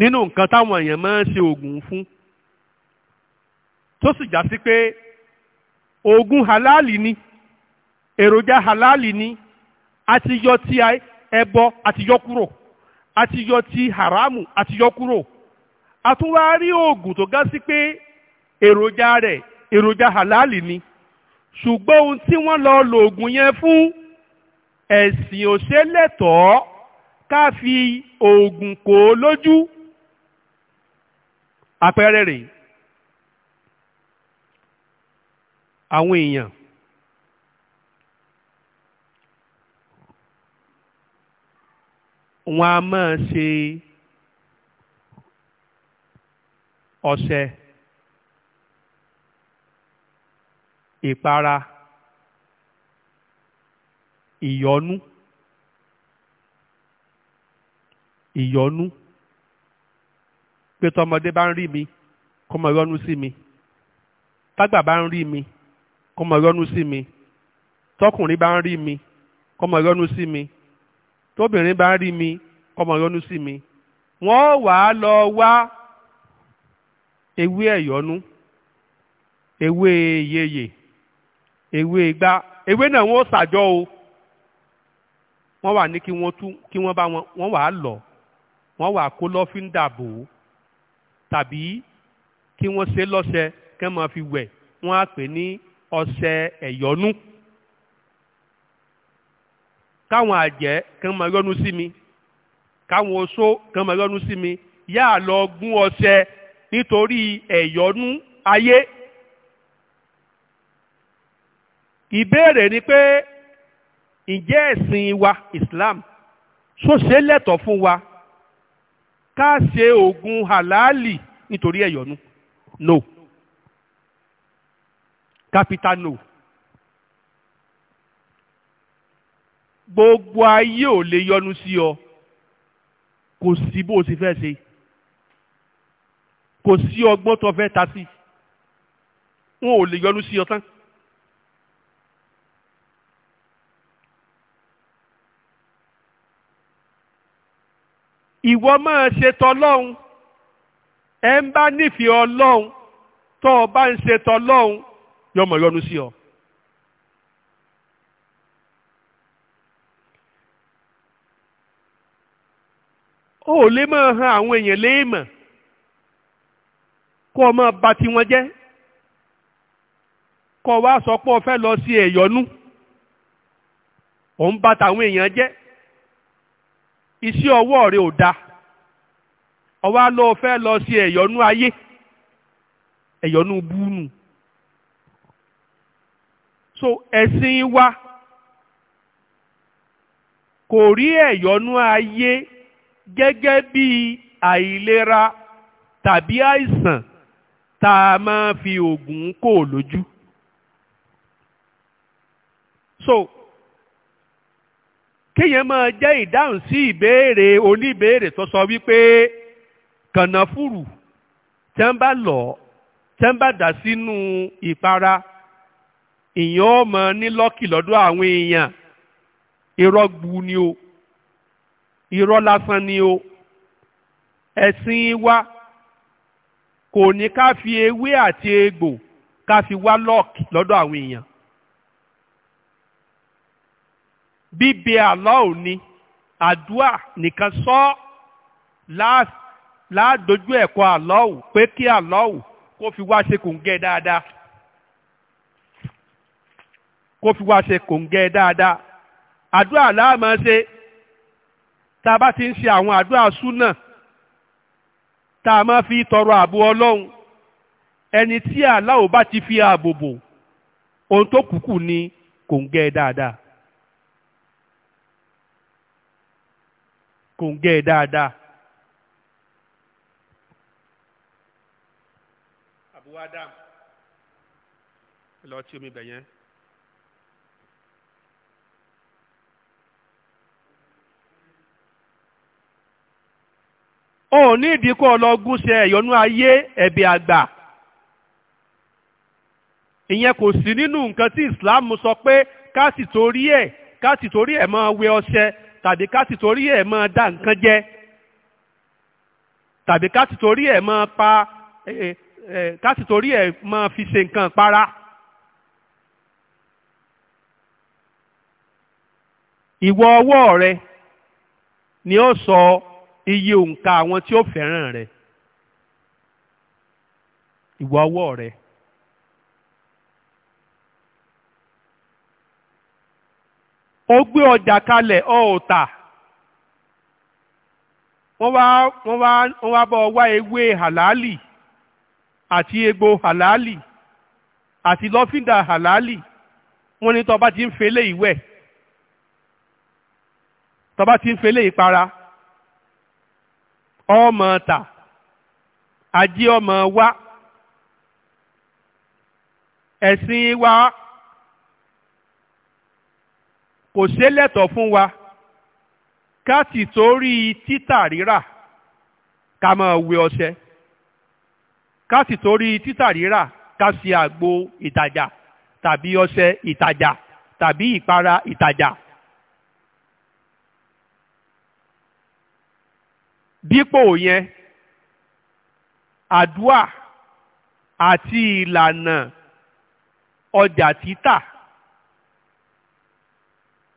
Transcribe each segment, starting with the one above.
nínú nǹkan táwọn èèyàn máa ń ṣe oògùn fún tó sì já sí pé oògùn halali ni èròjà halali ni àti yọ ti ẹbọ àti yọ kúrò àti yọ ti haramu àti yọ kúrò a tún wá rí oògùn tó ga sí pé èròjà rẹ̀ èròjà halali ni ṣùgbọ́n ohun tí wọ́n lọ lo oògùn yẹn fún ẹ̀sìn òṣèlẹ́tọ̀ọ́ ká fi oògùn kò lójú àpẹẹrẹ rèé àwọn èèyàn wọn a máa ṣe ọṣẹ ìpara ìyọnu ìyọnu pé tọmọdé bá ń rí mi kó mọ yọnu sí mi tágbà bá ń rí mi kó mọ yọnu sí mi tọkùnrin bá ń rí mi kó mọ yọnu sí mi tóbìnrin bá ń rí mi kó mọ yọnu sí mi wọ́n wàá lọ wá ewé ẹ̀yọ́nú ewé yeye ewé igbá ewé náà wọ́n ṣàjọ o wọ́n wà ní kí wọ́n tún kí wọ́n bá wọn wọ́n wàá lọ wọ́n wàá kó lọ́fíńdà bò ó tàbí kí wọ́n ṣe lọ́sẹ̀ kí wọ́n máa fi wẹ̀ wọ́n á pè ní ọṣẹ ẹ̀yọ́nú káwọn àjẹ́ kí wọ́n máa yọ́nú sí mi káwọn oṣó kí wọ́n máa yọ́nú sí mi yáà lọ gún ọṣẹ nítorí ẹ̀yọ́nú ayé. ìbéèrè ni pé ǹjẹ́ ẹ̀sìn wa Islam ṣó ṣe lẹ́tọ̀ọ́ fún wa ká ṣe oògùn halali nítorí ẹ̀yọ́nú no capital no gbogbo ayé ò lè yọ́nú sí ọ kò sí bó o ti fẹ́ ṣe kò sí ọgbọ́n tó fẹ́ ta sí wọn ò lè yọ́nú sí ọ tán. ìwọ máa ṣe tọlọ́hun ẹ ń bá nífẹ̀ẹ́ ọlọ́hun tó o bá ń ṣe tọlọ́hun yọmọ yọnu sí ọ. o ò lè máa han àwọn èèyàn léèmọ̀ kó o máa bà tiwọn jẹ́ kó o wá sọ pé o fẹ́ lọ sí ẹ̀yọ́nú ò ń bà tàwọn èèyàn jẹ́. iṣẹ́ ọwọ́ rẹ ò da ọwọ́ á lọ fẹ́ lọ sí ẹ̀yọ́nú ayé ẹ̀yọ́nú búnú so ẹ̀sìn wa kò rí ẹ̀yọ́nú ayé gẹ́gẹ́ bí àìlera tàbí àìsàn tá a máa fi oògùn kò lójú so kéèyàn máa jẹ́ ìdáhùn sí ìbéèrè oníbéèrè tó sọ wípé kànáfùrù tẹ́ ń bá lọ tẹ́ ń bá dà sínú ìpara ìyàn ọmọ nílọ́kì lọ́dọ̀ àwọn èèyàn irọ́ gbu ni o irọ́ lásán ni o ẹ̀sìn wa kò ní ká fi ewé àti egbò ká fi wá lọ́ọ̀kì lọ́dọ̀ àwọn èèyàn bíbẹ Allah ni àdúà nìkan sọ láàdójú ẹ̀kọ́ Allah pé kí Allah kó fi wá ṣe kòǹgẹ́ dáadáa kó fi wá ṣe kòǹgẹ́ dáadáa àdúà láàmọ́ ṣe tá a bá ti ń ṣe àwọn àdúà súnà tá a máa fi tọrọ ààbò ọlọ́run ẹni tí Allah bá ti fi ààbò bò ohun tó kùkù ni kòǹgẹ́ dáadáa. kò ń gẹ́ ẹ dáadáa. àbúwá lọ tí omi bẹ̀ yẹn. o ní ìdíkọ́ ọlọ́gúnṣe ẹ̀yọ́nú ayé ẹ̀bẹ̀ àgbà ìyẹn kò sí nínú nǹkan tí Islam sọ pé ká sì torí ẹ ká sì torí ẹ máa wẹ ọṣẹ tàbí ká sì torí ẹ̀ máa da nǹkan jẹ tàbí ká sì torí ẹ̀ máa pa ká sì torí ẹ̀ máa fi ṣe nǹkan para. ìwọ ọwọ́ rẹ ni ó sọ iye òǹkà àwọn tí ó fẹ́ràn rẹ ìwọ ọwọ́ rẹ. ó gbé ọjà kalẹ̀ ọ ò tà wọ́n wá wọ́n wá wọ́n wá bọ́ wá ewé hàlálì àti egbò hàlálì àti lọ́fíńdà hàlálì wọ́n ní tọ́ba ti ń fẹ́lẹ̀ ìwẹ̀ tọ́ba ti ń fẹ́lẹ̀ ìpara ọmọ tà ajé ọmọ wá ẹ̀sìn wá kò ṣe lẹ́tọ̀ fún wa ká sì torí títà rírà ká máa wẹ ọṣẹ ká sì torí títà rírà ká ṣe àgbo ìtajà tàbí ọṣẹ ìtajà tàbí ìpara ìtajà. dípò yẹn àdúà àti ìlànà ọjà títà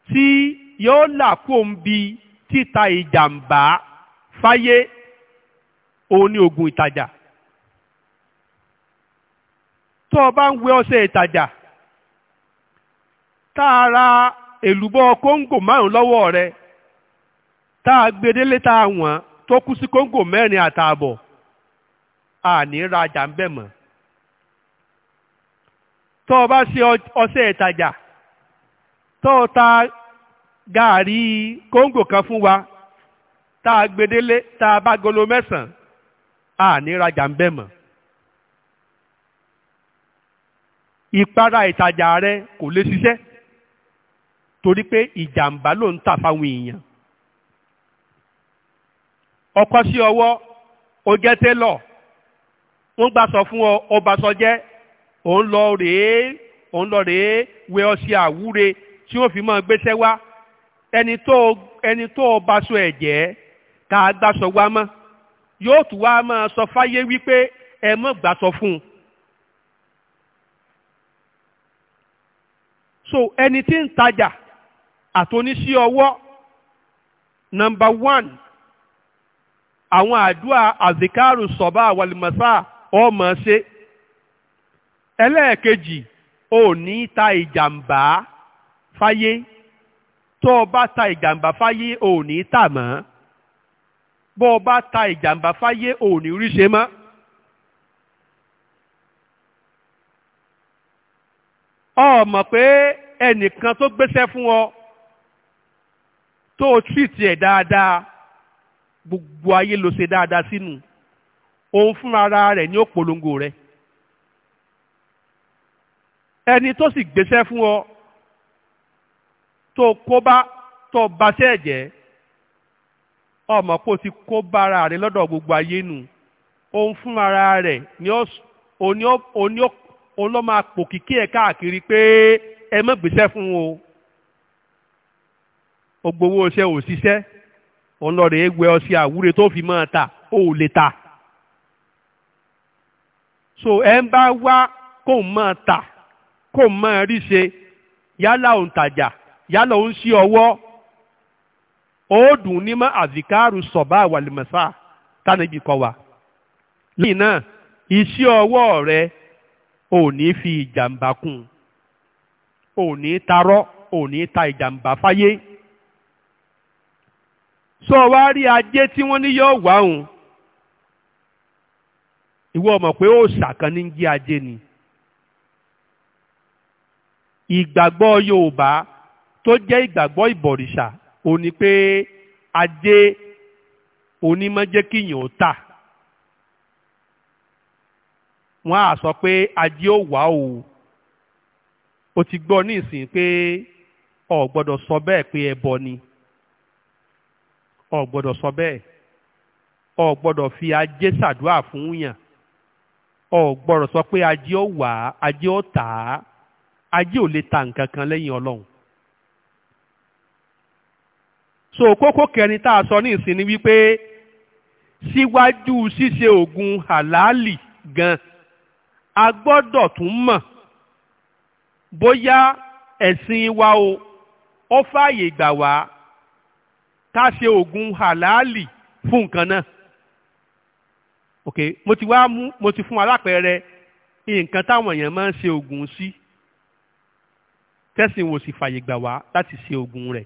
tí yóò là kó títa ìjàmbá fáyé òun ni ogun ìtajà tó o bá ń wé ọṣẹ ìtajà tá a ra èlùbọ́ kóńgò márùn lọ́wọ́ rẹ tá a gbé tá a tó kú sí kóńgò mẹ́rin tó o ta gàárì kóńgò kan fún wa tá a gbedele tá a bá golo mẹ́sàn-án a ní rajà ń bẹ̀ mọ́. ìpara ìtajà rẹ kò lè ṣiṣẹ́ torí pé ìjàmbá ló ń tà fáwọn èèyàn ọkọ sí ọwọ́ o jẹ́ télọ̀ wọ́n gbà sọ fún ọ ọba sọ jẹ́ òun lọ rèé òun lọ rèé wẹ ọṣẹ àwúre tí ó fi máa gbéṣẹ́ wá ẹni tó ẹni tó baṣọ ẹ̀ jẹ́ ká gbàṣọ wá mọ́ yóò tún wá máa sọ fáyé wípé ẹ mọ̀ gbàṣọ fún un. so ẹni tí ń tajà àtòníṣí ọwọ́ nọmba one àwọn àdúrà àzìkárù sọ̀bà àwàlùmọ̀sá ọmọ ṣe ẹlẹ́ẹ̀kejì ò ní ta ìjàmbá fáyé tó o bá ta ìjàmbá fáyé o ò ní tà mọ́ bó o bá ta ìjàmbá fáyé o ò ní rí ṣe mọ́. ọ mọ̀ pé ẹnìkan tó gbéṣẹ́ fún ọ tó o tírìtì ẹ̀ dáadáa gbogbo ayé ló ṣe dáadáa sínú òun fúnra rẹ̀ ní òpolongo rẹ̀ ẹni tó sì gbéṣẹ́ fún ọ tó kó tó bá ṣe ọmọ kó gbogbo ayé nu òun fún ara rẹ̀ ni òun máa pò kíkí káàkiri pé ẹ mọ̀ gbèsè fún o ògbówó iṣẹ́ ò ṣiṣẹ́ òun lọ àwúre tó fi máa ta ó lè ta so ẹ ń bá wá kóun máa tà kóun máa rí ṣe yálà òǹtajà yálà ó ń ṣí ọwọ́ òòdùn nímọ̀ àzìkárù sọ̀bá àwàlùmọ̀sá tánàbí kọ́ wa. lẹ́yìn náà iṣẹ́ ọwọ́ rẹ ò ní fi ìjàmbá kún ò ní tarọ́ ò ní ta ìjàmbá fáyé. sọ wá rí ajé tí wọ́n ní yóò wá òun ìwọ mọ̀ pé òòṣà kan ní jí ajé ni. ìgbàgbọ́ Yorùbá tó jẹ́ ìgbàgbọ́ ìbọ̀rìṣà o ní pé ajé onímọ̀jẹ́kìyàn ó tà wọ́n á sọ pé ajé ó wà o O ti gbọ́ ní ìsìn pé o gbọ́dọ̀ sọ bẹ́ẹ̀ pé ẹbọ ni o gbọ́dọ̀ sọ bẹ́ẹ̀ o gbọ́dọ̀ fi ajé ṣàdúrà fún yàn o gbọ́dọ̀ sọ pé ajé ó wà ajé ó tà á ajé ò lè ta nǹkan kan lẹ́yìn ọlọ́run so kókó kẹrin tá a sọ ní ìsìn ni wípé síwájú ṣíṣe oògùn hàlálì gan a gbọ́dọ̀ tún mọ̀ bóyá ẹ̀sìn wa o ó fààyè gbà wá ká ṣe oògùn hàlálì fún nǹkan náà ok mo ti wá mú mo ti fún wa lápẹẹrẹ nǹkan táwọn èèyàn máa ń ṣe oògùn sí tẹ̀sìn wo sì fààyè gbà wá láti ṣe oògùn rẹ̀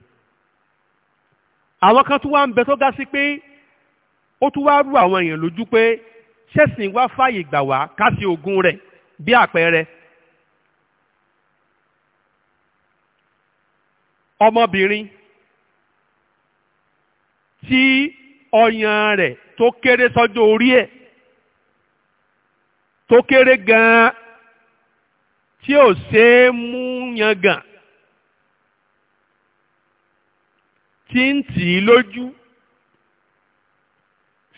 àwọn kan tún wá ń bẹ tó ga sí pé ó tún wá rú àwọn èèyàn lójú pé ṣẹ̀sìn wá fàyè gbà wá kásì ogun rẹ̀ bí àpẹẹrẹ. ọmọbìnrin tí ọyàn rẹ̀ tó kéré sọ́jọ́ orí ẹ̀ tó kéré gan-an tí ò ṣeé mú yan gan-an. tí ń tì í lójú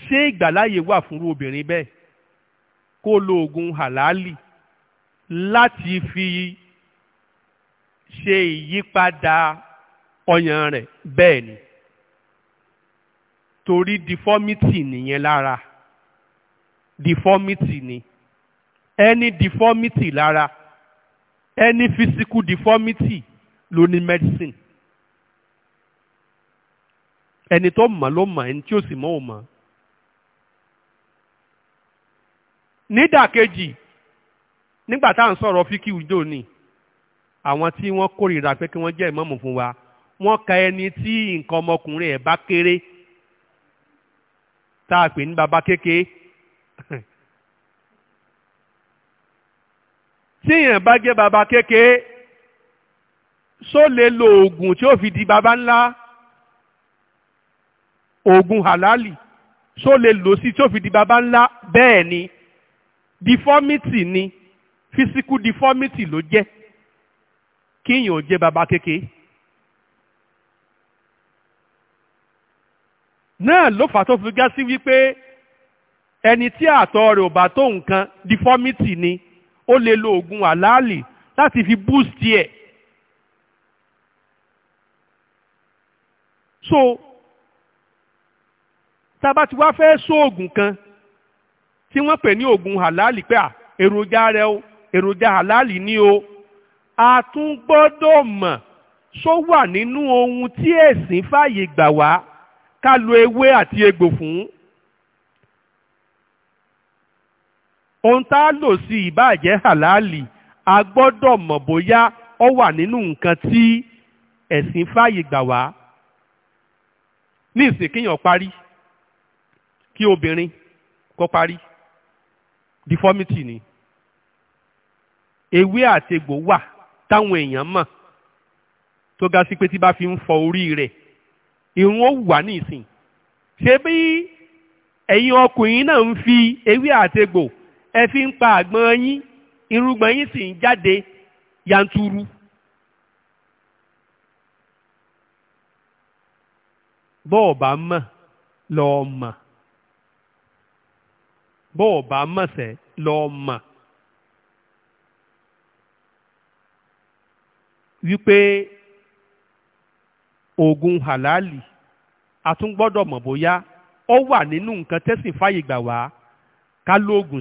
ṣé ìgbàláyè wà fún obìnrin bẹ́ẹ̀ kó lo oògùn hàlálì láti fi ṣe ìyípadà ọyàn rẹ̀ bẹ́ẹ̀ ni torí deformity nìyẹn lára deformity ni any deformity lára any physical deformity ló ní medicine ẹni tó mọ̀ ló mọ̀ ẹni tí ó sì mọ̀ ò mọ̀. nídàkejì nígbà tá à ń sọ̀rọ̀ fíkì ìjọ ni àwọn tí wọ́n kórìíra pé kí wọ́n jẹ́ ìmọ̀mù fún wa wọ́n ka ẹni tí nǹkan ọmọkùnrin ẹ̀ bá kéré tá a pè ní baba kéke tí èèyàn bá jẹ́ baba kéke só lè lo oògùn tí ó fi di baba ńlá. Ogun halali so lè lò sí tí ó fi di baba ńlá bẹ́ẹ̀ ni deformity ni physical deformity ló jẹ́ kíyàn ò jẹ́ baba keke. náà ló fà tó fi já sí wípé ẹni tí àtọ̀ rẹ̀ ò bá tó nǹkan deformity ni ó lè lo oògùn àlàálì láti fi boost ẹ̀. so tá a bá ti wá fẹ́ sóògùn kan tí wọ́n pè ní oògùn halali pé à èròjà rẹ o èròjà halali ni o a tún gbọ́dọ̀ mọ̀ só wà nínú ohun tí ẹ̀sìn fàyè gbà wá ká lo ewé àti egbò fún. ohun tá a lò sí ìbàjẹ́ halali a gbọ́dọ̀ mọ̀ bóyá ó wà nínú nǹkan tí ẹ̀sìn fàyè gbà wá ní ìsìnkíyàn parí kí obìnrin kó parí deformity ni ewé àti egbò wà táwọn èèyàn mọ̀ tó ga sí pé tí bá fi ń fọ orí rẹ̀ irun ó wà ní ìsìn ṣé bí ẹ̀yin ọkùnrin náà ń fi ewé àti egbò ẹ fi ń pa àgbọn yín irúgbọn yín sì ń jáde yanturu. bọ́ọ̀ bá mọ̀ lọ́ọ́ mọ̀. bọ́ ọ̀ bá mọ̀sẹ̀ lọ mà wípé oògùn halali a tún gbọ́dọ̀ mọ̀ bóyá ó wà nínú nǹkan tẹ́sìn fàyè gbà wá ká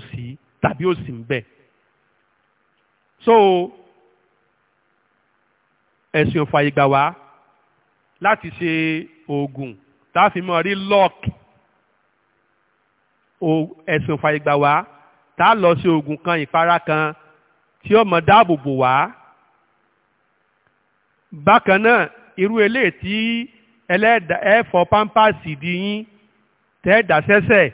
sí tàbí ó sì ń bẹ. so ẹ̀sìn fàyè gbà wá láti ṣe oògùn tá a fi rí lọ́ọ̀kì ẹ̀sìn ò fàyè gbà wá tá a lọ sí oògùn kan ìpara kan tí ó mọ dáàbò bò wá. bákan náà irú eléyìí tí ẹlẹ́dà ẹ̀fọ́ pampasì di yín tẹ́ẹ̀dà sẹ́sẹ̀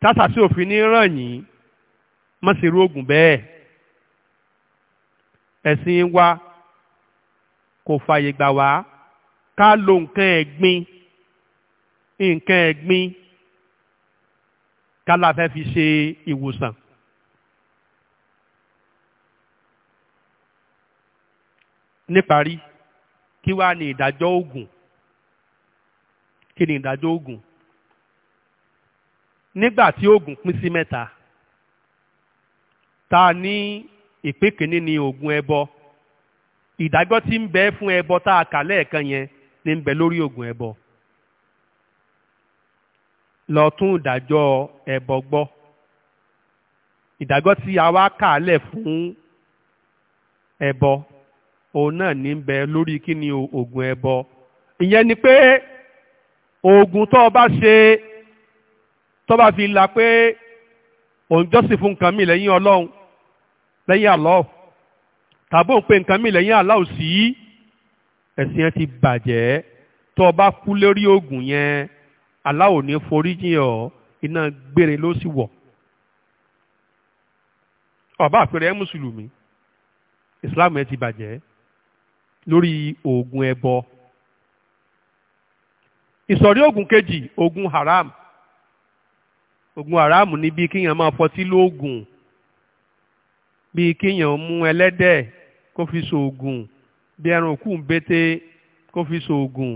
tásàsí òfin ní ràn yín má sì rú oògùn bẹ́ẹ̀ ẹ̀sìn wa kò fàyè wá ká lo nǹkan ẹ̀gbin nǹkan ẹ̀gbin kálá fẹ́ fi ṣe ìwòsàn. níparí kí wá ní ìdájọ́ òògùn kí ni ìdájọ́ òògùn nígbà tí òògùn pín sí mẹ́ta ta ní ìpín kìíní ni òògùn ẹbọ ìdájọ́ tí ń bẹ fún ẹbọ tá a kà lẹ́ẹ̀kan yẹn ni ń bẹ lórí òògùn ẹbọ lọ tún ìdájọ́ ẹbọ gbọ́ ìdájọ́ tí a wá kàálẹ̀ fún ẹbọ òun náà ní bẹ lórí kí ni oògùn ẹbọ ìyẹn ni pé oògùn tó o bá ṣe tó bá fi la pé òun jọ́sìn fún nǹkan mi lẹ́yìn ọlọ́run lẹ́yìn àlọ́ tàbí òun pé nǹkan mi lẹ́yìn àlọ́ sí ẹ̀sìn ẹ ti bàjẹ́ tó o bá kú lórí oògùn yẹn Allah ò ní foríjìn ọ iná gbére ló sì wọ̀ ọba àpẹẹrẹ ẹ mùsùlùmí islam ẹ ti bàjẹ́ lórí oògùn ẹbọ ìsọ̀rí oògùn kejì oògùn haram oògùn haram ni bí kéèyàn máa fọtí lóògùn bí kéèyàn mú ẹlẹ́dẹ̀ kó fi ṣoògùn bí ẹran òkú ń bété kó fi ṣoògùn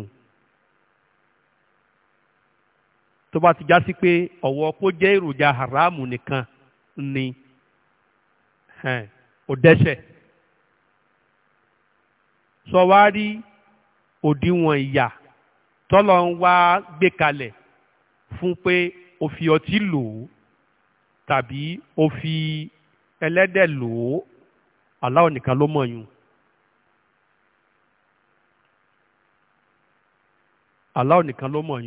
tó bá ti já sí pé ọ̀wọ́ kó jẹ́ èròjà haramu nìkan ni ò dẹ́ṣẹ̀ sọwárí òdiwọ̀n ìyà tọ́lọ̀ ń wá gbé kalẹ̀ fún pé o fi ọtí lò ó tàbí o fi ẹlẹ́dẹ̀ lò ó Allah nìkan ló mọ̀ Allah nìkan ló mọ̀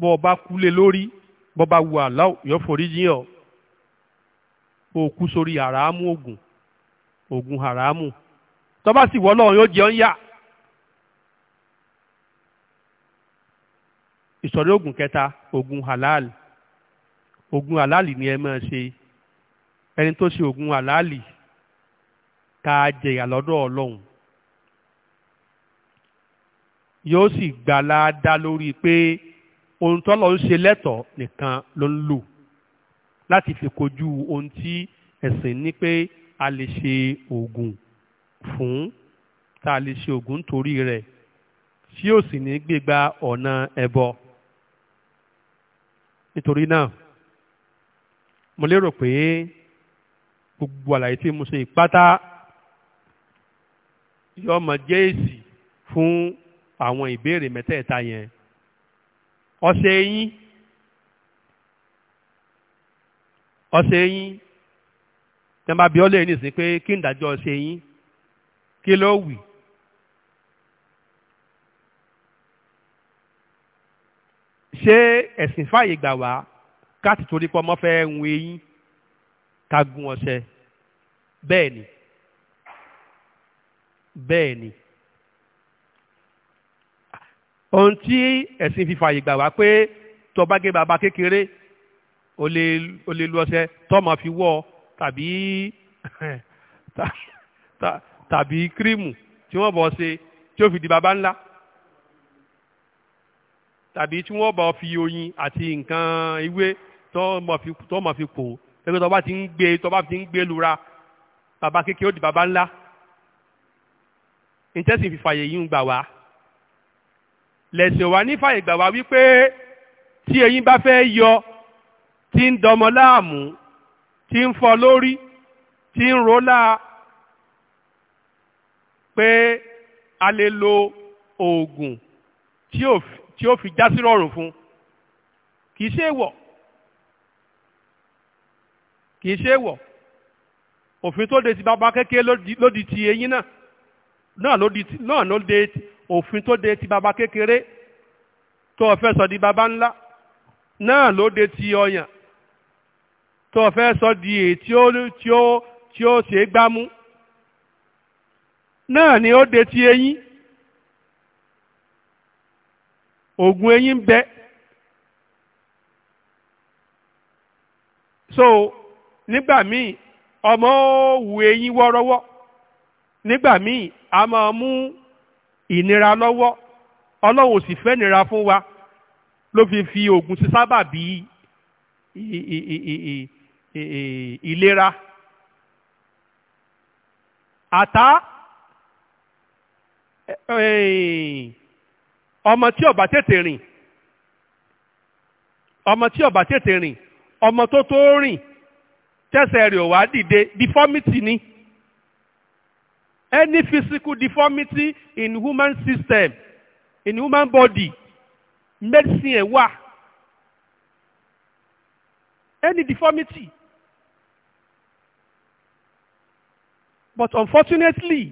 bọ́ ọ bá kúlé lórí bọ́ bá wu àláwò yọ forí yín ọ o kú sórí àràámù ogun ògùn àràámù tó sì wọ́ lọ́run yóò jẹ́ ọ́ ń yà. ìsọ̀rí ògùn kẹta ògùn halal ogun halal ni ẹ máa ṣe ẹni tó ṣe ògùn halal tá a jẹ̀yà lọ́dọ̀ yóò sì gbà láadá lórí pé ohun tọ́lọ̀ ń ṣe lẹ́tọ̀ọ́ nìkan ló ń lò láti fi kojú ohun tí ẹ̀sìn ní pé a lè ṣe oògùn fún tá a lè ṣe oògùn torí rẹ̀ tí ó sì ní gbégbá ọ̀nà ẹbọ nítorí náà mo lérò pé gbogbo àlàyé tí mo ṣe ìpátá yóò máa jẹ́ èsì fún àwọn ìbéèrè mẹ́tẹ̀ẹ̀ta yẹn ọṣẹ eyín ọṣẹ eyín tẹ́nba bí ọ lè nìsín pé kí n dájọ́ ọṣẹ eyín kí ló wì ṣé ẹ̀sìn fàyè gbà wá káàtì torí pọ́ mọ́ fẹ́ hun eyín ká gun ọṣẹ bẹ́ẹ̀ ni bẹ́ẹ̀ ni ohun tí ẹ̀sìn fi fààyè gbà wá pé tó bá gé bàbá kékeré o lè o lè lu ọṣẹ tó máa fi wọ́ tàbí tàbí kírímù tí wọ́n bọ̀ ṣe tí ó fi di bàbá ńlá tàbí tí wọ́n bọ̀ fi oyin àti nǹkan ewé tó fi pò ẹgbẹ́ tó ti ń gbé tó ti ń gbé lura bàbá kékeré ó di bàbá ńlá ìtẹ́sìn fìfàyè yìí ń gbà wá lẹ̀sìn wa nífà ìgbà wa wípé tí eyín bá fẹ́ yọ tí ń dọmọ láàmú tí ń fọ́ lórí tí ń rólá pé a lè lo oògùn tí ó fi já rọrùn fún kì ṣe é wọ̀ ṣe é òfin tó de ti bàbá kékeré ló di ti eyín náà náà ló de òfin tó de ti baba kékeré tó o fẹ́ sọ di baba ńlá náà ló de ti ọyàn tó o fẹ́ sọ di èyí tí ó tí ó tí ṣe gbámú náà ni ó de ti eyín oògùn eyín ń bẹ so nígbà míì ọmọ ó wu eyín wọ́rọ́wọ́ nígbà míì a máa mú ìnira lọ́wọ́ ọlọ́run ò sì fẹ́ nira fún wa ló fi fi oògùn sí sábà bí ìlera àtá ọmọ tí ó bá tètè rìn ọmọ tí ó tètè rìn ọmọ tó tó rìn tẹsẹ̀ rẹ̀ ò wá dìde deformity ni any physical deformity in human system in human body medicine ẹ̀ wà any deformity but unfortunately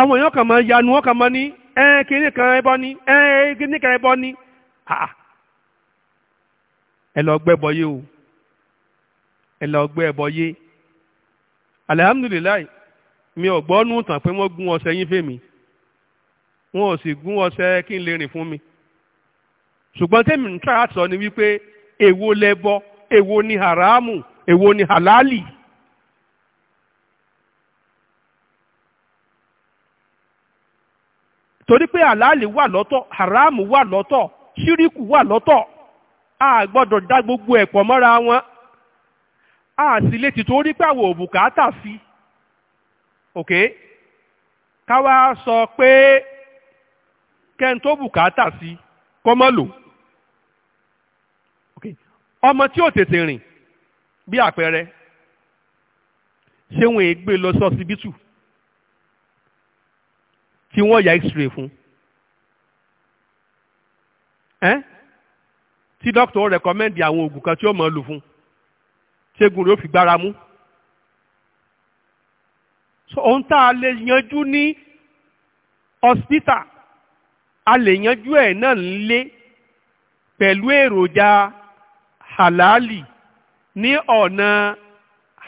àwọn èèyàn kan máa yanu wọn kan máa ní ẹ kíní kan ẹbọ ní ẹ kíní kan ẹbọ ní ẹ lọ gbẹ bọyé o ẹ lọ gbẹ bọyé alihamudulilayi mi ò gbọ́ nù tàn pé wọ́n gún ọṣẹ yín fèmí wọn ò sì gún ọṣẹ kí n lè rìn fún mi ṣùgbọ́n tèmi ń tà sọ ni wípé èwo lẹbọ èwo ni haramu èwo ni halali. torí pé halali wà lọ́tọ̀ haramu wà lọ́tọ̀ ṣíríkù wà lọ́tọ̀ a gbọ́dọ̀ dá gbogbo ẹ̀pọ̀ mọ́ra wọn a sì lè ti torí pé àwọn òbùkátà fi ok ká wá sọ pé kẹ́ni tó bùkátà sí kọ́ mọ́ lò ok ọmọ tí ò tètè rìn bí àpẹẹrẹ ṣé wọn è gbé lọ sọsibítù tí wọ́n ya x-ray fún ẹ́n tí dókítà rẹ̀kọ́mẹ́ndì àwọn oògùn kan tí ó mọ̀ lò fún ṣégun ló fi gbára mú ohun tá a lè yanjú ní hospital a lè yanjú ẹ̀ náà nílé pẹ̀lú èròjà halali ní ọ̀nà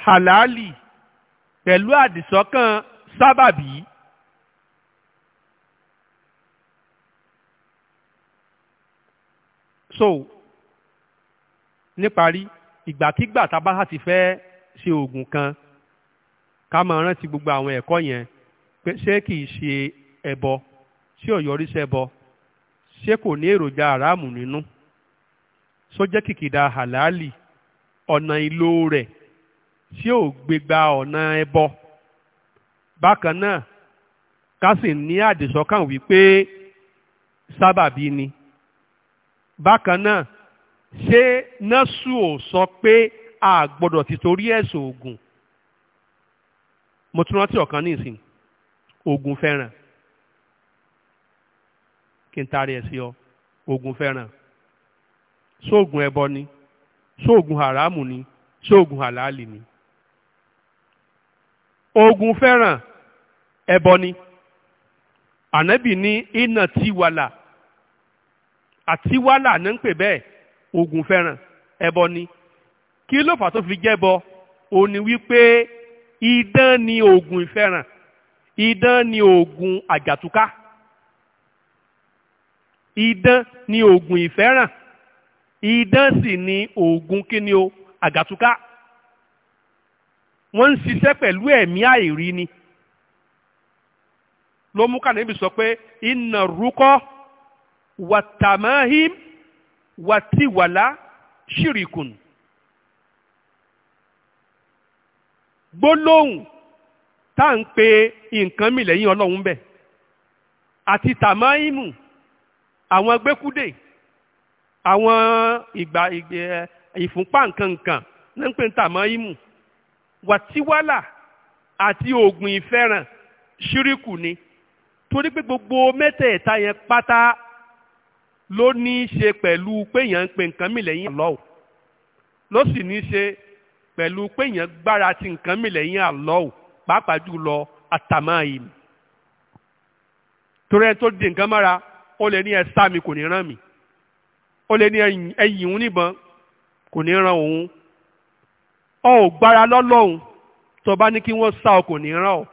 halali pẹ̀lú àdìsọ́kàn sábàbí. so níparí ìgbàkigbà tá a bá ti fẹ́ ṣe oògùn kan ká máa rántí gbogbo àwọn ẹ̀kọ́ yẹn pé ṣé kìí ṣe ẹbọ ṣé ò yọrí sẹ́bọ ṣé kò ní èròjà àràmù nínú ṣó jẹ́ kìkìdá hàlálì ọ̀nà ìlò rẹ̀ ṣé ò gbégbá ọ̀nà ẹbọ bákan náà ká sì ní àdìsọ́kàn wípé sábàbí ni bákan náà ṣé násù ò sọ pé a titori ti torí ẹ̀sùn ògùn mo tún rántí ọ̀kan ní ìsìn ogun fẹ́ràn kí n taari ẹ̀ sí ọ ogun fẹ́ràn sóògùn ẹbọ ni sóògùn haramu ni sóògùn halali ni ogun fẹ́ràn ẹbọ ni ànábì ní iná tiwala àtiwala ní ń pè bẹ́ẹ̀ ogun fẹ́ràn ẹbọ ni kí ló fà tó fi jẹ́ bọ òní wípé idán ni oògùn ìfẹ́ràn idán ni oògùn àjàtúká idán ni oògùn ìfẹ́ràn idán sì ni oògùn kíni o àjàtúká wọ́n ń ṣiṣẹ́ pẹ̀lú ẹ̀mí àìrí ni ló mú kàníbi sọ pé iná rúkọ wàtàmáhìm wàtíwàlá ṣìrìkùn gbólóhùn tá à ń pe nǹkan mì lẹ́yìn ọlọ́run bẹ̀ àti tàmáìmù àwọn gbẹ́kúdè àwọn ìgbà ìfúnpá nǹkan nǹkan ní ń pè ní tàmáìmù wàtíwálà àti oògùn ìfẹ́ràn ṣíríkù ni torí pé gbogbo mẹ́tẹ̀ẹ̀ta yẹn pátá ló ní í ṣe pẹ̀lú péyàn ń pe nǹkan mì lẹ́yìn ọlọ́run ló sì ní í ṣe pẹ̀lú péyàn gbára ti nǹkan mi lẹ́yìn àlọ́ọ̀ pàápàá jùlọ àtàmáyìn torí ẹni tó di nǹkan mọ́ra ó lè ní ẹ sá mi kò ní ràn mí ó lè ní ẹyìn òun níbọn kò ní ràn òun ọ ò gbára lọ́lọ́hun tó bá ní kí wọ́n sá ọ kò ní ràn ọ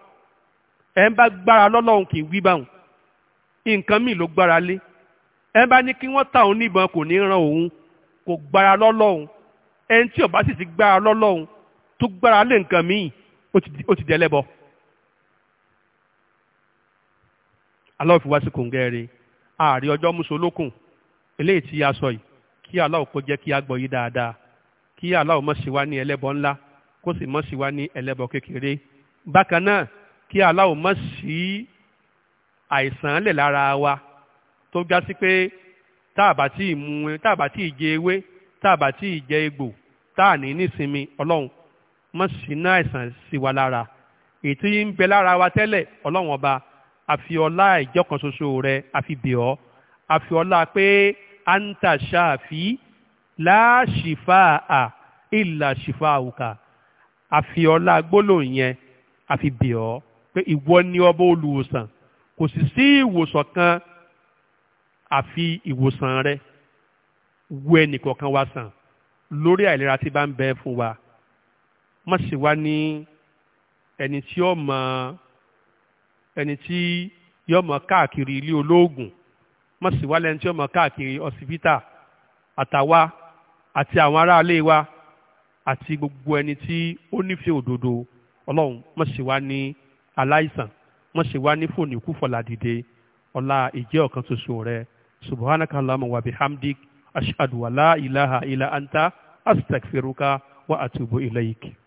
ẹ ń bá gbára lọ́lọ́hun kì í wí báwọn nǹkan mi ló gbára lé ẹ ń bá ní kí wọ́n ta òun níbọn kò ní ràn òun kò gbára lọ́lọ́hun ẹni tí ó bá sì ti gbára lọ́lọ́run tó gbára lé nǹkan míì ó ti dẹ́lẹ́bọ. aláwọ̀ fi wá sí kòǹgẹ́rẹ́ ààrẹ ọjọ́ mùsùn olókùn eléyìí tí a sọ yìí kí aláwọ̀ kó jẹ́ kí a gbọ́ yí dáadáa kí aláwọ̀ mọ̀ sí wa ní ẹlẹ́bọ ńlá kó sì mọ̀ sí wa ní ẹlẹ́bọ kékeré bákan náà kí aláwọ̀ mọ̀ sí àìsàn lẹ̀ lára wa tó já sí pé tá a bá tí ì mu tá a bá tí ì jẹ ewé tá a bá tí ì jẹ egbò táà ní nísinmi ọlọ́run mọ́ sínú àìsàn sí wa lára ètò yìí ń bẹ lára wa tẹ́lẹ̀ ọlọ́run ọba àfi ọlá ìjọkan ṣoṣo rẹ àfi bẹ̀ ọ́ àfi ọlá pé anta ṣáàfi láṣìfà à ìlà ṣìfà àwùkà àfi ọlá gbólóhùn yẹn àfi bẹ̀ ọ́ pé ìwọ ni ọba olùwòsàn kò sì sí ìwòsàn kan àfi ìwòsàn rẹ wo ẹnìkọ̀ọ̀kan wa sàn lórí àìlera tí bá ń bẹ fún wa má sì wá ní ẹni tí ó mọ ẹni tí yóò mọ káàkiri ilé olóògùn má sì wá lẹni tí ó mọ káàkiri ọsibítà àtàwa àti àwọn aráalé wa àti gbogbo ẹni tí ó nífẹ̀ẹ́ òdodo ọlọ́run má sì wá ní aláìsàn má sì wá ní fòní kúfọ̀lá ọlá ìjẹ́ ọ̀kan ṣoṣo rẹ subhanaka wa bihamdik. أشهد ولا إله إلا أنت أستغفرك وأتوب إليك